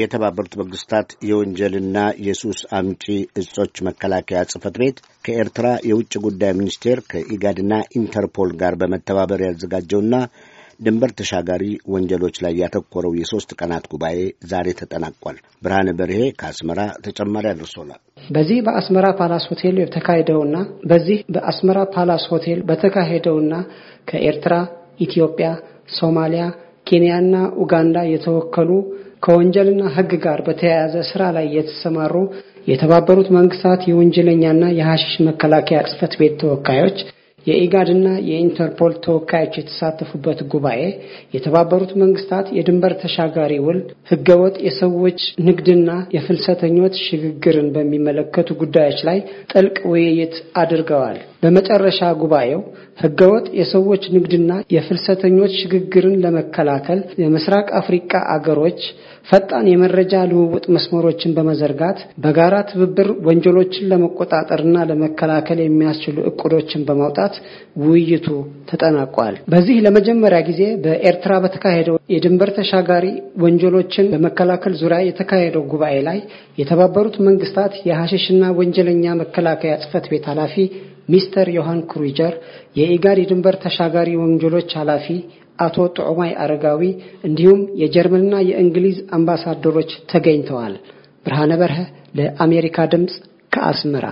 የተባበሩት መንግስታት የወንጀልና የሱስ አምጪ እጾች መከላከያ ጽህፈት ቤት ከኤርትራ የውጭ ጉዳይ ሚኒስቴር ከኢጋድና ኢንተርፖል ጋር በመተባበር ያዘጋጀውና ድንበር ተሻጋሪ ወንጀሎች ላይ ያተኮረው የሶስት ቀናት ጉባኤ ዛሬ ተጠናቋል። ብርሃነ በርሄ ከአስመራ ተጨማሪ አድርሶናል። በዚህ በአስመራ ፓላስ ሆቴል የተካሄደውና በዚህ በአስመራ ፓላስ ሆቴል በተካሄደውና ከኤርትራ፣ ኢትዮጵያ፣ ሶማሊያ፣ ኬንያና ኡጋንዳ የተወከሉ ከወንጀልና ሕግ ጋር በተያያዘ ስራ ላይ የተሰማሩ የተባበሩት መንግስታት የወንጀለኛና የሐሺሽ መከላከያ ጽፈት ቤት ተወካዮች የኢጋድና የኢንተርፖል ተወካዮች የተሳተፉበት ጉባኤ የተባበሩት መንግስታት የድንበር ተሻጋሪ ውል ህገወጥ የሰዎች ንግድና የፍልሰተኞች ሽግግርን በሚመለከቱ ጉዳዮች ላይ ጥልቅ ውይይት አድርገዋል። በመጨረሻ ጉባኤው ህገወጥ የሰዎች ንግድና የፍልሰተኞች ሽግግርን ለመከላከል የምስራቅ አፍሪካ አገሮች ፈጣን የመረጃ ልውውጥ መስመሮችን በመዘርጋት በጋራ ትብብር ወንጀሎችን ለመቆጣጠርና ለመከላከል የሚያስችሉ እቅዶችን በማውጣት ውይይቱ ተጠናቋል። በዚህ ለመጀመሪያ ጊዜ በኤርትራ በተካሄደው የድንበር ተሻጋሪ ወንጀሎችን በመከላከል ዙሪያ የተካሄደው ጉባኤ ላይ የተባበሩት መንግስታት የሐሸሽና ወንጀለኛ መከላከያ ጽህፈት ቤት ኃላፊ ሚስተር ዮሐን ክሩጀር፣ የኢጋድ የድንበር ተሻጋሪ ወንጀሎች ኃላፊ አቶ ጥዑማይ አረጋዊ እንዲሁም የጀርመንና የእንግሊዝ አምባሳደሮች ተገኝተዋል። ብርሃነ በርሀ ለአሜሪካ ድምፅ ከአስመራ